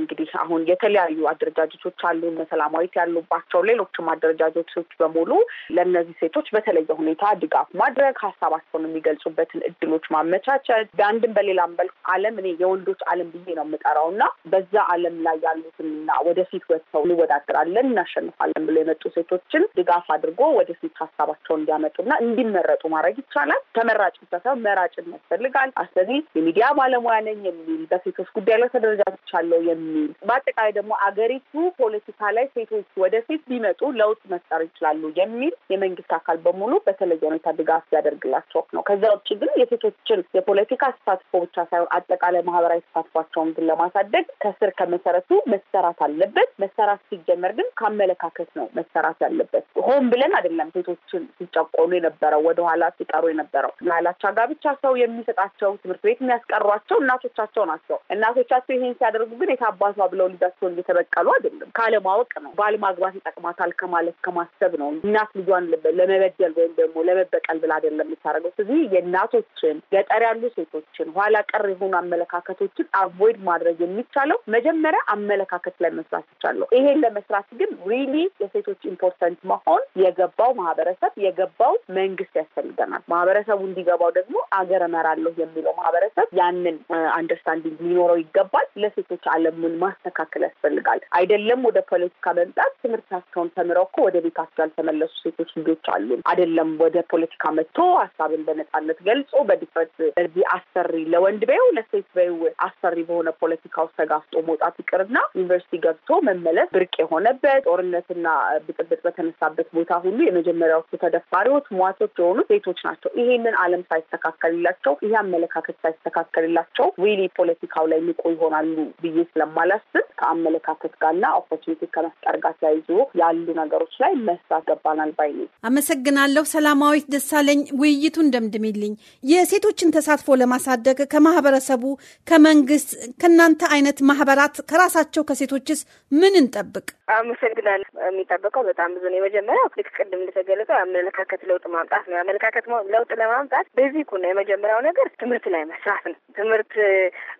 እንግዲህ አሁን የተለያዩ አደረጃጀቶች አሉ። መሰላማዊት ያሉባቸው ሌሎችም አደረጃጀቶች በሙሉ ለእነዚህ ሴቶች በተለየ ሁኔታ ድጋፍ ማድረግ፣ ሀሳባቸውን የሚገልጹበትን እድሎች ማመቻቸት በአንድም በሌላ ላምበል አለም እኔ የወንዶች አለም ብዬ ነው የምጠራው እና በዛ አለም ላይ ያሉትንና ወደፊት ወጥተው እንወዳደራለን እናሸንፋለን ብሎ የመጡ ሴቶችን ድጋፍ አድርጎ ወደፊት ሀሳባቸውን እንዲያመጡና እንዲመረጡ ማድረግ ይቻላል። ተመራጭ ብቻ መራጭን ያስፈልጋል። ስለዚህ የሚዲያ ባለሙያ ነኝ የሚል በሴቶች ጉዳይ ላይ ተደረጃጅቻለሁ የሚል በአጠቃላይ ደግሞ አገሪቱ ፖለቲካ ላይ ሴቶች ወደፊት ቢመጡ ለውጥ መፍጠር ይችላሉ የሚል የመንግስት አካል በሙሉ በተለየ ሁኔታ ድጋፍ ያደርግላቸው ነው። ከዛ ውጭ ግን የሴቶችን የፖለቲካ ተሳትፎ ብቻ ሳይሆን አጠቃላይ ማህበራዊ ተሳትፏቸውን ግን ለማሳደግ ከስር ከመሰረቱ መሰራት አለበት። መሰራት ሲጀመር ግን ከአመለካከት ነው መሰራት ያለበት። ሆን ብለን አይደለም ሴቶችን ሲጨቆኑ የነበረው ወደኋላ ሲቀሩ የነበረው ላላቻ ጋብቻ ሰው የሚሰጣቸው ትምህርት ቤት የሚያስቀሯቸው እናቶቻቸው ናቸው። እናቶቻቸው ይሄን ሲያደርጉ ግን የታባቷ ብለው ልጃቸውን እየተበቀሉ አይደለም፣ ካለማወቅ ነው። ባል ማግባት ይጠቅማታል ከማለት ከማሰብ ነው። እናት ልጇን ለመበደል ወይም ደግሞ ለመበቀል ብላ አይደለም የምታደርገው። ስለዚህ የእናቶችን ገጠር ያሉ ሴቶችን ኋላ ቀር የሆኑ አመለካከቶችን አቮይድ ማድረግ የሚቻለው መጀመሪያ አመለካከት ላይ መስራት ይቻለሁ። ይሄን ለመስራት ግን ሪሊ የሴቶች ኢምፖርተንት መሆን የገባው ማህበረሰብ የገባው መንግስት ያስፈልገናል። ማህበረሰቡ እንዲገባው ደግሞ አገር እመራለሁ የሚለው ማህበረሰብ ያንን አንደርስታንዲንግ ሊኖረው ይገባል። ለሴቶች ዓለሙን ማስተካከል ያስፈልጋል። አይደለም ወደ ፖለቲካ መምጣት ትምህርታቸውን ተምረው እኮ ወደ ቤታቸው ያልተመለሱ ሴቶች ልጆች አሉን። አይደለም ወደ ፖለቲካ መጥቶ ሀሳብን በነጻነት ገልጾ በዲፍረት በዚህ አሰሪ ለ ወንድ በይው ሁለት ሴት በይው አሰሪ በሆነ ፖለቲካ ውስጥ ተጋፍጦ መውጣት ይቅርና ዩኒቨርሲቲ ገብቶ መመለስ ብርቅ የሆነበት ጦርነትና ብጥብጥ በተነሳበት ቦታ ሁሉ የመጀመሪያዎቹ ተደፋሪዎች ሟቾች የሆኑ ሴቶች ናቸው። ይሄንን ዓለም ሳይስተካከልላቸው ይሄ አመለካከት ሳይስተካከልላቸው ዊሊ ፖለቲካው ላይ ንቁ ይሆናሉ ብዬ ስለማላስብ ከአመለካከት ጋርና ኦፖርቹኒቲ ከመፍጠር ጋር ተያይዞ ያሉ ነገሮች ላይ መስራት ገባናል ባይ ነኝ።
አመሰግናለሁ። ሰላማዊት ደሳለኝ ውይይቱን ደምድሚልኝ። የሴቶችን ተሳትፎ ለማሳደግ ከማህበረሰቡ፣ ከመንግስት፣ ከእናንተ አይነት ማህበራት፣ ከራሳቸው ከሴቶችስ ምን እንጠብቅ?
አመሰግናለሁ። የሚጠበቀው በጣም ብዙ ነው። የመጀመሪያው ልክ ቅድም እንደተገለጸው የአመለካከት ለውጥ ማምጣት ነው። የአመለካከት ለውጥ ለማምጣት ቤዚኩ ነው። የመጀመሪያው ነገር ትምህርት ላይ መስራት ነው። ትምህርት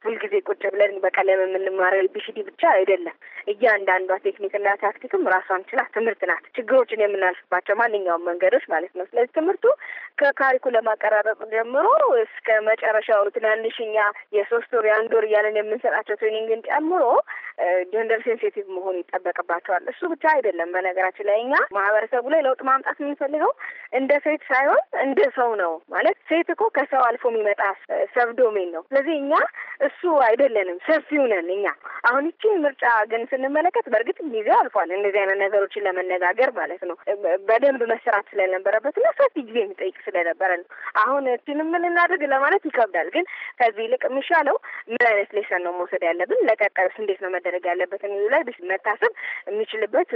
ሁልጊዜ ቁጭ ብለን በቀለም የምንማረው ቢሽዲ ብቻ አይደለም። እያንዳንዷ ቴክኒክና ታክቲክም ራሷን ችላ ትምህርት ናት። ችግሮችን የምናልፍባቸው ማንኛውም መንገዶች ማለት ነው። ስለዚህ ትምህርቱ ከካሪኩለም አቀራረጽ ጀምሮ እስከ መጨረሻው ትናንሽኛ የሶስት ወር የአንድ ወር እያለን የምንሰጣቸው ትሬኒንግን ጨምሮ ጀንደር ሴንሲቲቭ መሆን ይጠበቅባል ይኖርባቸዋል። እሱ ብቻ አይደለም። በነገራችን ላይ እኛ ማህበረሰቡ ላይ ለውጥ ማምጣት የሚፈልገው እንደ ሴት ሳይሆን እንደ ሰው ነው። ማለት ሴት እኮ ከሰው አልፎ የሚመጣ ሰብ ዶሜን ነው። ስለዚህ እኛ እሱ አይደለንም፣ ሰፊው ነን እኛ። አሁን ይቺ ምርጫ ግን ስንመለከት በእርግጥ ጊዜው አልፏል፣ እንደዚህ አይነት ነገሮችን ለመነጋገር ማለት ነው። በደንብ መሰራት ስለነበረበት እና ሰፊ ጊዜ የሚጠይቅ ስለነበረ ነው። አሁን እችንም ምን እናድርግ ለማለት ይከብዳል። ግን ከዚህ ይልቅ የሚሻለው ምን አይነት ሌሰን ነው መውሰድ ያለብን፣ ለቀጣዩስ እንዴት ነው መደረግ ያለበት የሚሉ ላይ መታሰብ የሚችልበት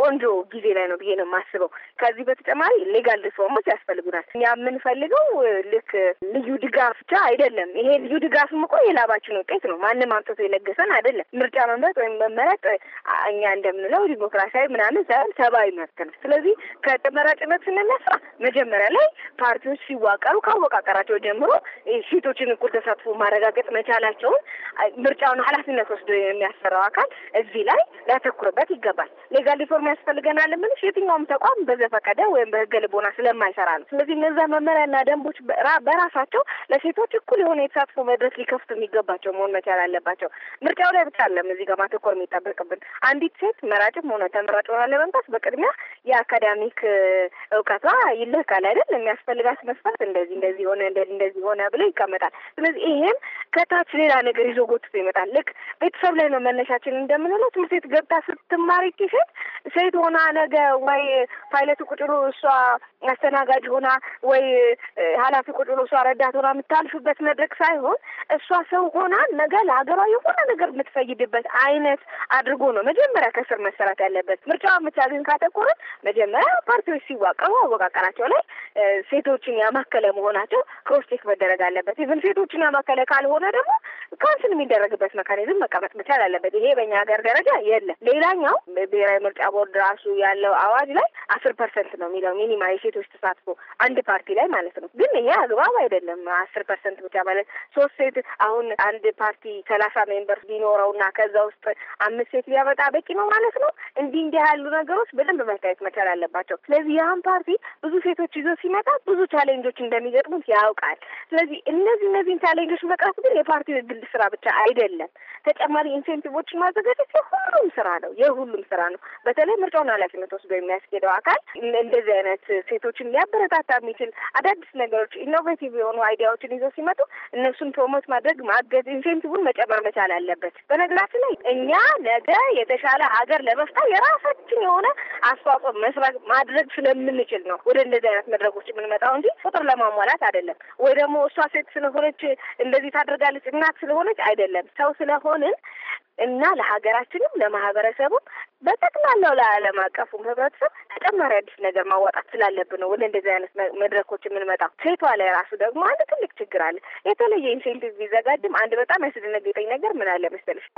ቆንጆ ጊዜ ላይ ነው ብዬ ነው የማስበው። ከዚህ በተጨማሪ ሌጋል ሪፎርሞች ያስፈልጉናል። እኛ የምንፈልገው ልክ ልዩ ድጋፍ ብቻ አይደለም። ይሄ ልዩ ድጋፍ እኮ የላባችን ውጤት ነው። ማንም አምጥቶ የለገሰን አይደለም። ምርጫ መምረጥ ወይም መመረጥ እኛ እንደምንለው ዲሞክራሲያዊ ምናምን ሳይሆን ሰብአዊ መብት ነው። ስለዚህ ከተመራጭነት ስንነሳ መጀመሪያ ላይ ፓርቲዎች ሲዋቀሩ ካወቃቀራቸው ጀምሮ ሴቶችን እኩል ተሳትፎ ማረጋገጥ መቻላቸውን ምርጫውን ኃላፊነት ወስዶ የሚያሰራው አካል እዚህ ላይ ሊያተኩርበት ሊሰጥ ይገባል። ሌጋል ሪፎርም ያስፈልገናል የምልሽ የትኛውም ተቋም በዘፈቀደ ወይም በህገ ልቦና ስለማይሰራ ነው። ስለዚህ እነዛ መመሪያና ደንቦች በራሳቸው ለሴቶች እኩል የሆነ የተሳትፎ መድረስ ሊከፍቱ የሚገባቸው መሆን መቻል አለባቸው። ምርጫው ላይ ብቻ አለም እዚህ ጋር ማተኮር የሚጠበቅብን አንዲት ሴት መራጭም ሆነ ተመራጭ ሆና ለመምጣት በቅድሚያ የአካዳሚክ እውቀቷ ይለካል አይደል? የሚያስፈልጋት መስፈርት እንደዚህ እንደዚህ ሆነ እንደዚህ ሆነ ብሎ ይቀመጣል። ስለዚህ ይሄም ከታች ሌላ ነገር ይዞ ጎትቶ ይመጣል። ልክ ቤተሰብ ላይ ነው መነሻችን እንደምንለው ትምህርት ቤት ገብታ ስትማሪ ቲሸት ሴት ሆና ነገ ወይ ፓይለቱ ቁጥሩ እሷ አስተናጋጅ ሆና ወይ ኃላፊ ቁጥሩ እሷ ረዳት ሆና የምታልፍበት መድረክ ሳይሆን እሷ ሰው ሆና ነገ ለሀገሯ የሆነ ነገር የምትፈይድበት አይነት አድርጎ ነው መጀመሪያ ከስር መሰራት ያለበት። ምርጫ የምታገኝ ካተኮረን መጀመሪያ ፓርቲዎች ሲዋቀሩ አወቃቀራቸው ላይ ሴቶችን ያማከለ መሆናቸው ክሮስቼክ መደረግ አለበት። ኢቨን ሴቶችን ያማከለ ካልሆነ ከሆነ ደግሞ ካንስል የሚደረግበት መካኒዝም መቀመጥ መቻል አለበት። ይሄ በእኛ ሀገር ደረጃ የለም። ሌላኛው ብሔራዊ ምርጫ ቦርድ ራሱ ያለው አዋጅ ላይ አስር ፐርሰንት ነው የሚለው ሚኒማ የሴቶች ተሳትፎ አንድ ፓርቲ ላይ ማለት ነው። ግን ይሄ አግባብ አይደለም። አስር ፐርሰንት ብቻ ማለት ሶስት ሴት አሁን አንድ ፓርቲ ሰላሳ ሜምበር ቢኖረው ቢኖረውና ከዛ ውስጥ አምስት ሴት ሊያመጣ በቂ ነው ማለት ነው። እንዲህ እንዲህ ያሉ ነገሮች በደንብ መታየት መቻል አለባቸው። ስለዚህ ያህን ፓርቲ ብዙ ሴቶች ይዞ ሲመጣ ብዙ ቻሌንጆች እንደሚገጥሙት ያውቃል። ስለዚህ እነዚህ እነዚህን ቻሌንጆች መቅረፍ ግን የፓርቲ የግል ስራ ብቻ አይደለም። ተጨማሪ ኢንሴንቲቮችን ማዘጋጀት የሁሉም ስራ ነው፣ የሁሉም ስራ ነው። በተለይ ምርጫውን ኃላፊነት ወስዶ የሚያስኬደው አካል እንደዚህ አይነት ሴቶችን ሊያበረታታ የሚችል አዳዲስ ነገሮች፣ ኢኖቬቲቭ የሆኑ አይዲያዎችን ይዘው ሲመጡ እነሱን ፕሮሞት ማድረግ ማገዝ፣ ኢንሴንቲቭን መጨመር መቻል አለበት። በነገራችን ላይ እኛ ነገ የተሻለ ሀገር ለመፍጠር የራሳችን የሆነ አስተዋጽኦ መስራት ማድረግ ስለምንችል ነው ወደ እንደዚህ አይነት መድረኮች የምንመጣው እንጂ ቁጥር ለማሟላት አይደለም ወይ ደግሞ እሷ ሴት ስለሆነች እንደዚህ ታድር መተጋለጽ እናት ስለሆነች አይደለም ሰው ስለሆንን እና ለሀገራችንም ለማህበረሰቡም በጠቅላላው ለዓለም አቀፉም ህብረተሰብ ተጨማሪ አዲስ ነገር ማዋጣት ስላለብን ነው ወደ እንደዚህ አይነት መድረኮች የምንመጣው። ሴቷ ላይ ራሱ ደግሞ አንድ ትልቅ ችግር አለ። የተለየ ኢንሴንቲቭ ቢዘጋጅም አንድ በጣም ያስደነገጠኝ ነገር ምን አለ መሰለሽ፣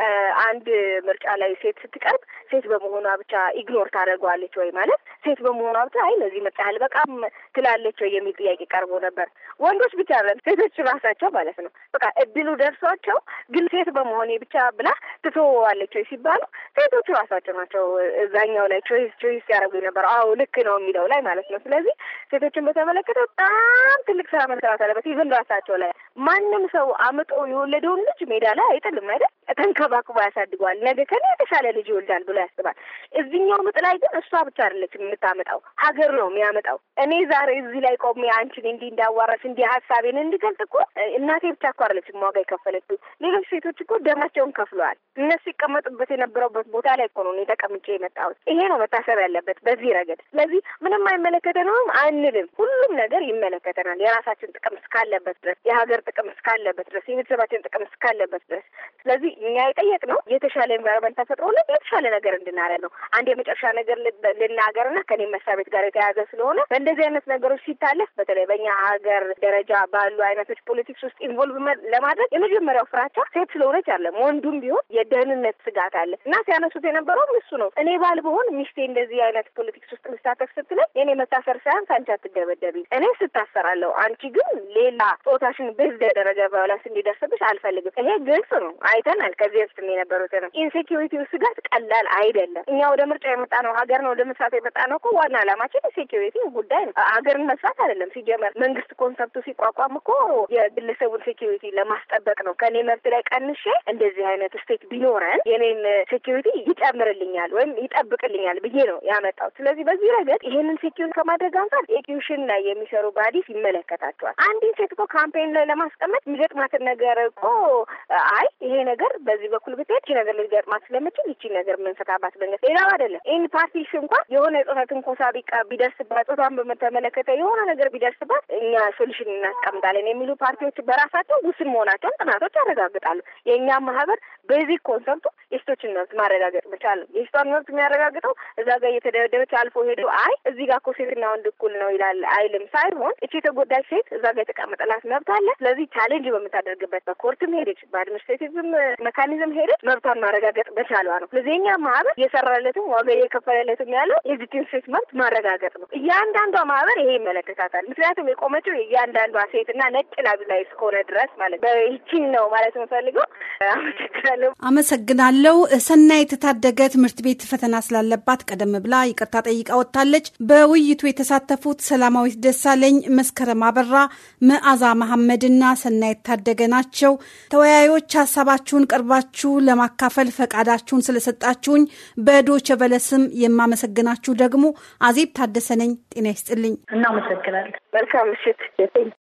አንድ ምርጫ ላይ ሴት ስትቀርብ ሴት በመሆኗ ብቻ ኢግኖር ታደርገዋለች ወይ ማለት ሴት በመሆኗ ብቻ አይ ለዚህ ምርጫ ያህል በቃም ትላለች ወይ የሚል ጥያቄ ቀርቦ ነበር። ወንዶች ብቻ ሴቶች ራሳቸው ማለት ነው በቃ እድሉ ደርሷቸው ግን ሴት በመሆኔ ብቻ ብላ ትተወዋለች ሲባሉ ሴቶቹ ራሳቸው ናቸው እዛኛው ላይ ቾይስ ቾይስ ያደረጉ የነበረው አዎ ልክ ነው የሚለው ላይ ማለት ነው። ስለዚህ ሴቶችን በተመለከተ በጣም ትልቅ ስራ መሰራት አለበት። ይዘን ራሳቸው ላይ ማንም ሰው አምጦ የወለደውን ልጅ ሜዳ ላይ አይጥልም አይደል? ተንከባክቦ ያሳድገዋል። ነገ ከኔ የተሻለ ልጅ ይወልዳል ብሎ ያስባል። እዚህኛው ምጥ ላይ ግን እሷ ብቻ አለች የምታመጣው፣ ሀገር ነው የሚያመጣው። እኔ ዛሬ እዚህ ላይ ቆሜ አንቺን እንዲህ እንዳዋራሽ እንዲህ ሀሳቤን እንድገልጽ እኮ እናቴ ብቻ እኮ አይደለችም ዋጋ የከፈለችው። ሌሎች ሴቶች እኮ ደማቸውን ከፍለዋል። እነሱ ይቀመጡበት የነበረበት ቦታ ላይ እኮ ነው እኔ ተቀምጬ የመጣሁት። ይሄ ነው መታሰብ ያለበት በዚህ ረገድ። ስለዚህ ምንም አይመለከተንም አንልም። ሁሉም ነገር ይመለከተናል። የራሳችን ጥቅም እስካለበት ድረስ፣ የሀገር ጥቅም እስካለበት ድረስ፣ የቤተሰባችን ጥቅም እስካለበት ድረስ ስለዚህ እኛ የጠየቅ ነው የተሻለ ኤንቫይሮመንት ተፈጥሮለት የተሻለ ነገር እንድናረ ነው። አንድ የመጨረሻ ነገር ልናገር ልናገርና ከኔ መስሪያ ቤት ጋር የተያዘ ስለሆነ በእንደዚህ አይነት ነገሮች ሲታለፍ በተለይ በእኛ ሀገር ደረጃ ባሉ አይነቶች ፖለቲክስ ውስጥ ኢንቮልቭ ለማድረግ የመጀመሪያው ፍራቻ ሴት ስለሆነች አለ፣ ወንዱም ቢሆን የደህንነት ስጋት አለ እና ሲያነሱት የነበረውም እሱ ነው። እኔ ባል ብሆን ሚስቴ እንደዚህ አይነት ፖለቲክስ ውስጥ ልሳተፍ ስትለኝ የኔ መታሰር ሳያንስ አንቺ አትደበደቢ፣ እኔ ስታሰራለሁ፣ አንቺ ግን ሌላ ጾታሽን በዚህ ደረጃ በላስ እንዲደርስብሽ አልፈልግም። ይሄ ግልጽ ነው አይተን ይሆናል ከዚህ በፊትም የነበሩትንም ኢንሴኪሪቲው ስጋት ቀላል አይደለም። እኛ ወደ ምርጫ የመጣነው ሀገር ነው ለመስራት የመጣነው እኮ ዋና ዓላማችን ኢንሴኪሪቲ ጉዳይ ነው። ሀገርን መስራት አይደለም። ሲጀመር መንግስት ኮንሰፕቱ ሲቋቋም እኮ የግለሰቡን ሴኪሪቲ ለማስጠበቅ ነው። ከኔ መብት ላይ ቀንሼ እንደዚህ አይነት ስቴት ቢኖረን የኔን ሴኪሪቲ ይጨምርልኛል ወይም ይጠብቅልኛል ብዬ ነው ያመጣው። ስለዚህ በዚህ ረገድ ይሄንን ሴኪሪ ከማድረግ አንጻር ኤኪዩሽን ላይ የሚሰሩ ባዲስ ይመለከታቸዋል። አንዲን ሴት እኮ ካምፔን ላይ ለማስቀመጥ የሚገጥማትን ነገር እኮ አይ ይሄ ነገር በዚህ በኩል ብትሄድ ይቺ ነገር ልትገጥማት ስለምችል ይቺ ነገር የምንፈታባት መንገድ ሌላው አይደለም። ይህን ፓርቲሽ እንኳን የሆነ የጾታ ትንኮሳ ቢቃ ቢደርስባት፣ ጾታን በተመለከተ የሆነ ነገር ቢደርስባት እኛ ሶሉሽን እናስቀምጣለን የሚሉ ፓርቲዎች በራሳቸው ውስን መሆናቸውን ጥናቶች ያረጋግጣሉ። የእኛ ማህበር በዚህ ኮንሰርቱ የሴቶችን መብት ማረጋገጥ መቻል ነው። የሴቷን መብት የሚያረጋግጠው እዛ ጋር እየተደበደበች አልፎ ሄዶ አይ እዚህ ጋር እኮ ሴትና ወንድ እኩል ነው ይላል አይልም ሳይሆን እቺ የተጎዳች ሴት እዛ ጋር የተቀመጠላት መብት አለ። ስለዚህ ቻሌንጅ በምታደርግበት በኮርትም ሄደች በአድሚኒስትሬቲቭም ሜካኒዝም ሄደ መብቷን ማረጋገጥ በቻሏ ነው። ስለዚህ የኛ ማህበር እየሰራለትም ዋጋ እየከፈለለትም ያለው የዚችን ሴት መብት ማረጋገጥ ነው። እያንዳንዷ ማህበር ይሄ ይመለከታታል። ምክንያቱም የቆመችው እያንዳንዷ ሴት እና ነጭ ላብ ላይ እስከሆነ ድረስ ማለት በይችን ነው ማለት የምፈልገው። አመሰግናለሁ።
አመሰግናለሁ። ሰናይት ታደገ ትምህርት ቤት ፈተና ስላለባት ቀደም ብላ ይቅርታ ጠይቃ ወጥታለች። በውይይቱ የተሳተፉት ሰላማዊት ደሳለኝ፣ መስከረም አበራ፣ መዓዛ መሐመድና ሰናይት ታደገ ናቸው። ተወያዮች ሀሳባችሁን ቀርባችሁ ለማካፈል ፈቃዳችሁን ስለሰጣችሁኝ በዶቼ ቬለ ስም የማመሰግናችሁ ደግሞ አዜብ ታደሰ ነኝ። ጤና ይስጥልኝ። እናመሰግናለን።
መልካም ምሽት።